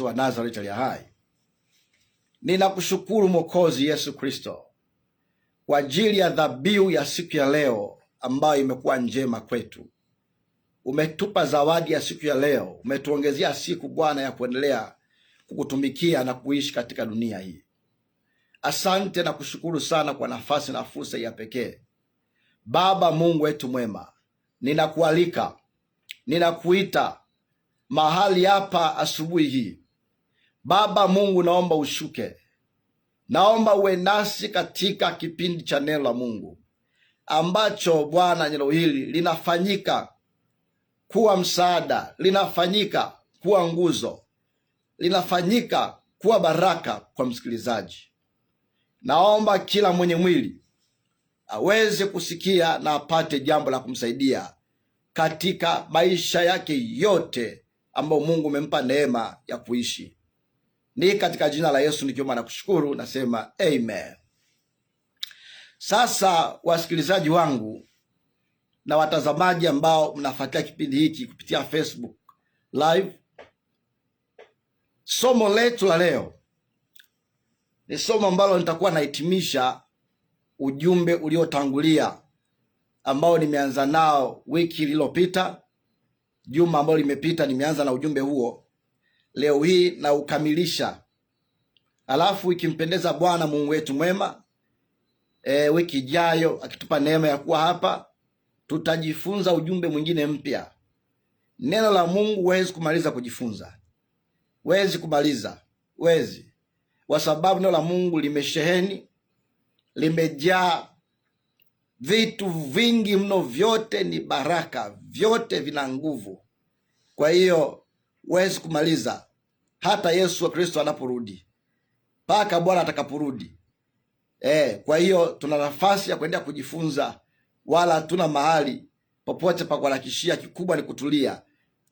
wa Nazareti aliye hai. Ninakushukuru Mwokozi Yesu Kristo kwa ajili ya dhabihu ya siku ya leo ambayo imekuwa njema kwetu. Umetupa zawadi ya siku ya leo, umetuongezea siku Bwana ya kuendelea kukutumikia na kuishi katika dunia hii. Asante na kushukuru sana kwa nafasi na fursa ya pekee. Baba Mungu wetu mwema, ninakualika, ninakuita mahali hapa asubuhi hii Baba Mungu, naomba ushuke, naomba uwe nasi katika kipindi cha neno la Mungu ambacho Bwana neno hili linafanyika kuwa msaada, linafanyika kuwa nguzo, linafanyika kuwa baraka kwa msikilizaji. Naomba kila mwenye mwili aweze kusikia na apate jambo la kumsaidia katika maisha yake yote ambayo Mungu umempa neema ya kuishi. Ni katika jina la Yesu nikiomba na kushukuru, nasema amen. Sasa wasikilizaji wangu na watazamaji ambao mnafuatia kipindi hiki kupitia Facebook live, somo letu la leo ni somo ambalo nitakuwa nahitimisha ujumbe uliotangulia ambao nimeanza nao wiki iliyopita. Juma ambalo limepita nimeanza na ujumbe huo leo hii na ukamilisha, alafu ikimpendeza Bwana Mungu wetu mwema e, wiki ijayo akitupa neema ya kuwa hapa tutajifunza ujumbe mwingine mpya. Neno la Mungu huwezi kumaliza kujifunza, huwezi kumaliza, huwezi, kwa sababu neno la Mungu limesheheni, limejaa vitu vingi mno, vyote ni baraka, vyote vina nguvu. Kwa hiyo huwezi kumaliza hata Yesu Kristo anaporudi, mpaka Bwana atakaporudi. E, kwa hiyo tuna nafasi ya kuendelea kujifunza, wala hatuna mahali popote pa kuharakishia. Kikubwa ni kutulia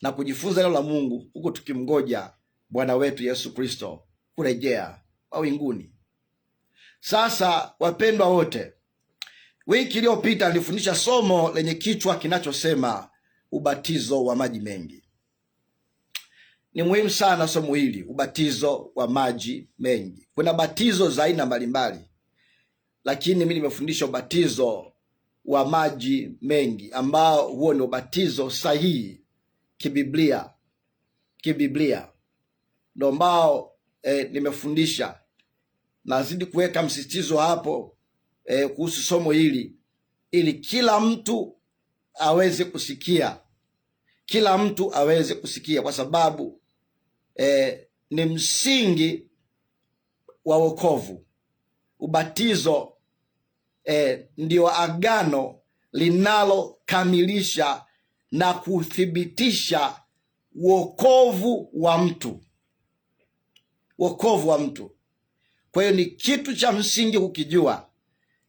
na kujifunza neno la Mungu huku tukimngoja Bwana wetu Yesu Kristo kurejea mawinguni. Sasa wapendwa wote, wiki iliyopita nilifundisha somo lenye kichwa kinachosema ubatizo wa maji mengi. Ni muhimu sana somo hili, ubatizo wa maji mengi. Kuna batizo za aina mbalimbali, lakini mimi nimefundisha ubatizo wa maji mengi, ambao huo ni ubatizo sahihi kibiblia, kibiblia ndo ambao e, nimefundisha. Nazidi kuweka msisitizo hapo e, kuhusu somo hili ili kila mtu aweze kusikia, kila mtu aweze kusikia, kwa sababu eh, ni msingi wa wokovu. Ubatizo eh, ndio agano linalokamilisha na kuthibitisha wokovu wa mtu, wokovu wa mtu. Kwa hiyo ni kitu cha msingi kukijua,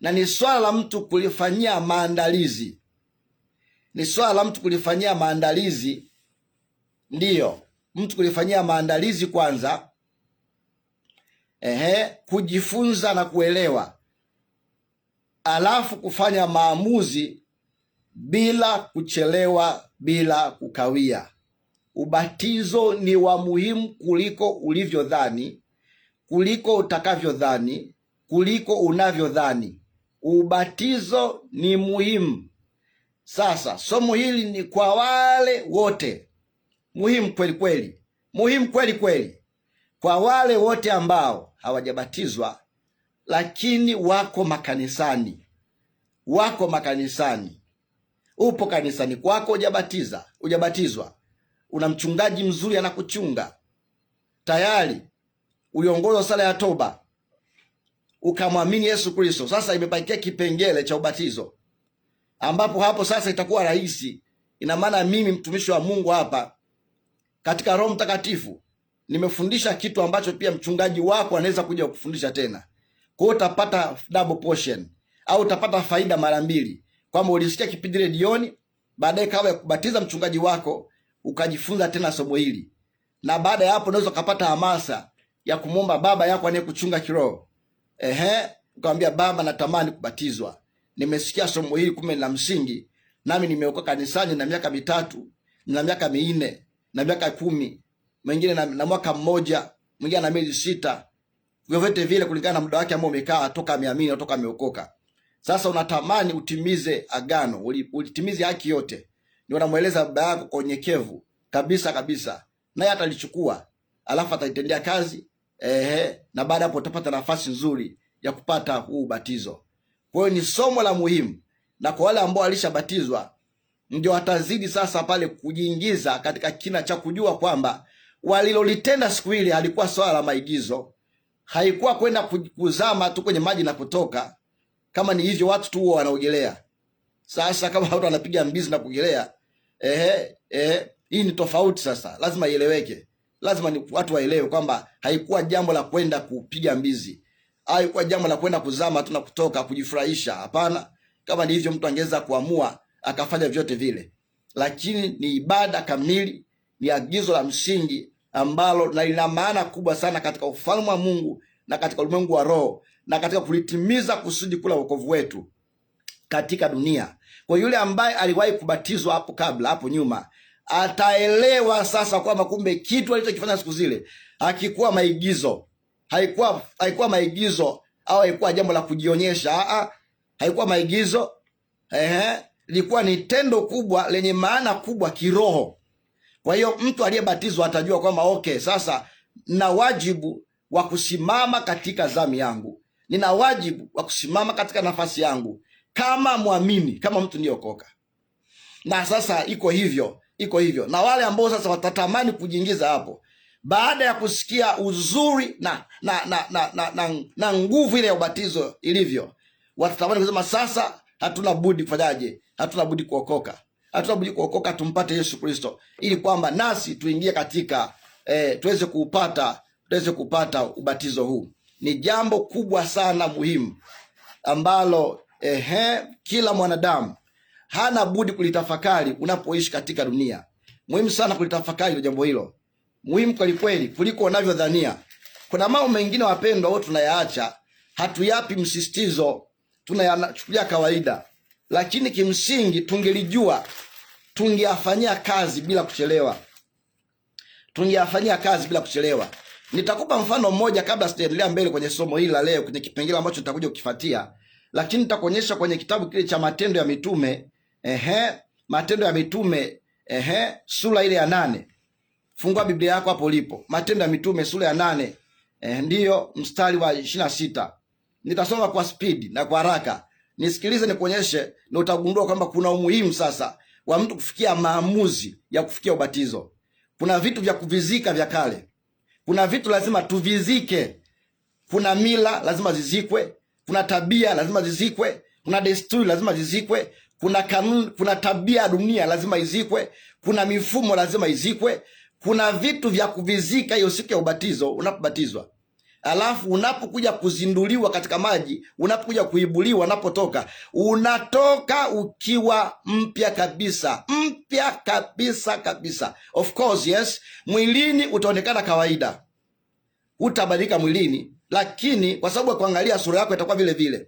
na ni swala la mtu kulifanyia maandalizi, ni swala la mtu kulifanyia maandalizi, ndiyo mtu kulifanyia maandalizi kwanza, ehe, kujifunza na kuelewa, alafu kufanya maamuzi bila kuchelewa, bila kukawia. Ubatizo ni wa muhimu kuliko ulivyodhani, kuliko utakavyodhani, kuliko unavyodhani. Ubatizo ni muhimu. Sasa somo hili ni kwa wale wote muhimu kweli kweli, muhimu kweli kweli kwa wale wote ambao hawajabatizwa lakini wako makanisani, wako makanisani. Upo kanisani kwako, hujabatiza hujabatizwa, una mchungaji mzuri anakuchunga tayari, uliongozwa sala ya toba ukamwamini Yesu Kristo. Sasa imepakia kipengele cha ubatizo, ambapo hapo sasa itakuwa rahisi. Ina maana mimi mtumishi wa Mungu hapa katika Roho Mtakatifu nimefundisha kitu ambacho pia mchungaji wako anaweza kuja kufundisha tena. Kwa hiyo utapata double portion au utapata faida mara mbili, kwamba ulisikia kipindi jioni, baadaye kabla ya kubatiza mchungaji wako ukajifunza tena somo hili, na baada ya hapo unaweza ukapata hamasa ya kumwomba baba yako anayekuchunga kiroho. Ehe, ukamwambia baba, natamani kubatizwa, nimesikia somo hili, kumbe la msingi, nami nimeokoka kanisani na miaka mitatu na miaka minne na miaka kumi, mwingine na, na mwaka mmoja, mwingine na miezi sita, vyovyote vile kulingana na muda wake ambao umekaa toka ameamini toka ameokoka. Sasa unatamani utimize agano, ulitimize haki yote, ndio unamweleza baba yako kwa unyenyekevu kabisa kabisa, naye atalichukua, alafu atalitendea kazi ehe, na baada hapo utapata nafasi nzuri ya kupata huu ubatizo. Kwa hiyo ni somo la muhimu, na kwa wale ambao walishabatizwa ndio atazidi sasa pale kujiingiza katika kina cha kujua kwamba walilolitenda siku ile halikuwa swala la maigizo, haikuwa kwenda kuzama tu kwenye maji na kutoka. Kama ni hivyo, watu tu huwa wanaogelea. Sasa kama watu wanapiga mbizi na kuogelea, ehe, ehe, hii ni tofauti. Sasa lazima ieleweke, lazima ni watu waelewe kwamba haikuwa jambo la kwenda kupiga mbizi, haikuwa jambo la kwenda kuzama tu na kutoka kujifurahisha. Hapana, kama ni hivyo, mtu angeweza kuamua akafanya vyote vile, lakini ni ibada kamili, ni agizo la msingi ambalo na lina maana kubwa sana katika ufalme wa Mungu na katika ulimwengu wa roho na katika kulitimiza kusudi kula wokovu wetu katika dunia. Kwa yule ambaye aliwahi kubatizwa hapo kabla, hapo nyuma, ataelewa sasa kwamba kumbe kitu alichokifanya siku zile hakikuwa maigizo, haikuwa haikuwa maigizo au haikuwa jambo la kujionyesha. Aa, haikuwa maigizo ehe, lilikuwa ni tendo kubwa lenye maana kubwa kiroho. Kwa hiyo mtu aliyebatizwa atajua kwamba okay, sasa nina wajibu wa kusimama katika zamu yangu, nina wajibu wa kusimama katika nafasi yangu kama mwamini, kama mtu niliokoka. Na sasa iko hivyo, iko hivyo. Na wale ambao sasa watatamani kujiingiza hapo baada ya kusikia uzuri na na na na, na, na, na nguvu ile ya ubatizo ilivyo, watatamani kusema sasa hatuna budi kufanyaje? Hatuna budi kuokoka, hatuna budi kuokoka, tumpate Yesu Kristo ili kwamba nasi tuingie katika eh, tuweze kuupata tuweze kupata ubatizo huu. Ni jambo kubwa sana muhimu ambalo ehe, kila mwanadamu hana budi kulitafakari unapoishi katika dunia. Muhimu sana kulitafakari jambo hilo, muhimu kweli kweli kuliko unavyodhania. Kuna mambo mengine wapendwa, wote tunayaacha, hatuyapi msisitizo tunayachukulia kawaida, lakini kimsingi tungelijua tungeyafanyia kazi bila kuchelewa, tungeyafanyia kazi bila kuchelewa. Nitakupa mfano mmoja kabla sijaendelea mbele kwenye somo hili la leo, kwenye kipengele ambacho nitakuja kukifuatia, lakini nitakuonyesha kwenye kitabu kile cha Matendo ya Mitume. Ehe, Matendo ya Mitume, ehe, sura ile ya nane. Fungua Biblia yako hapo ulipo, Matendo ya Mitume sura ya nane, ehe, ndiyo mstari wa ishirini na sita nitasoma kwa spidi na kwa haraka, nisikilize, nikuonyeshe, na utagundua kwamba kuna umuhimu sasa wa mtu kufikia maamuzi ya kufikia ubatizo. Kuna vitu vya kuvizika vya kale, kuna vitu lazima tuvizike. Kuna mila lazima zizikwe, kuna tabia lazima zizikwe, kuna desturi lazima zizikwe, kuna kanuni, kuna tabia ya dunia lazima izikwe, kuna mifumo lazima izikwe. Kuna vitu vya kuvizika hiyo siku ya ubatizo, unapobatizwa alafu unapokuja kuzinduliwa katika maji, unapokuja kuibuliwa, unapotoka unatoka ukiwa mpya kabisa, mpya kabisa kabisa. Of course yes, mwilini utaonekana kawaida, utabadilika mwilini, lakini kwa sababu ya kuangalia sura yako itakuwa vile vile,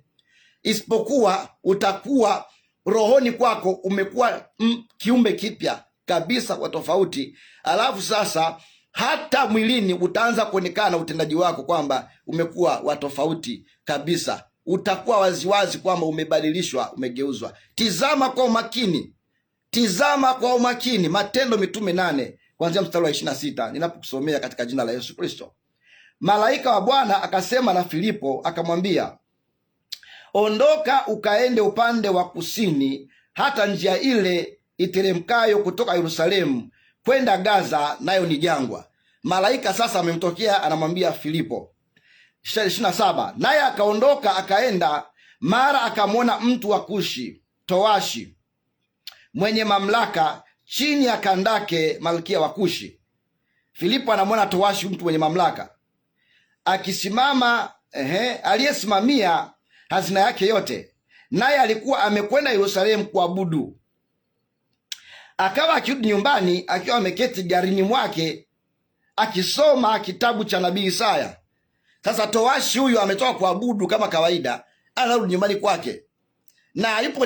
isipokuwa utakuwa rohoni kwako umekuwa mm, kiumbe kipya kabisa kwa tofauti, alafu sasa hata mwilini utaanza kuonekana utendaji wako kwamba umekuwa wa tofauti kabisa. Utakuwa waziwazi kwamba umebadilishwa, umegeuzwa. Tizama kwa umakini, tizama kwa umakini Matendo Mitume nane kuanzia mstari wa ishirini na sita ninapokusomea katika jina la Yesu Kristo. Malaika wa Bwana akasema na Filipo akamwambia, ondoka ukaende upande wa kusini hata njia ile iteremkayo kutoka Yerusalemu kwenda Gaza nayo ni jangwa. Malaika sasa amemtokea anamwambia Filipo. ishirini na saba naye akaondoka akaenda, mara akamwona mtu wa Kushi towashi mwenye mamlaka chini ya Kandake malkia wa Kushi. Filipo anamwona towashi mtu mwenye mamlaka akisimama, ehe, aliyesimamia hazina yake yote, naye alikuwa amekwenda Yerusalemu kuabudu Akawa akirudi nyumbani akiwa ameketi garini mwake akisoma kitabu cha nabii Isaya. Sasa towashi huyu ametoka kuabudu kama kawaida, anarudi nyumbani kwake na yupo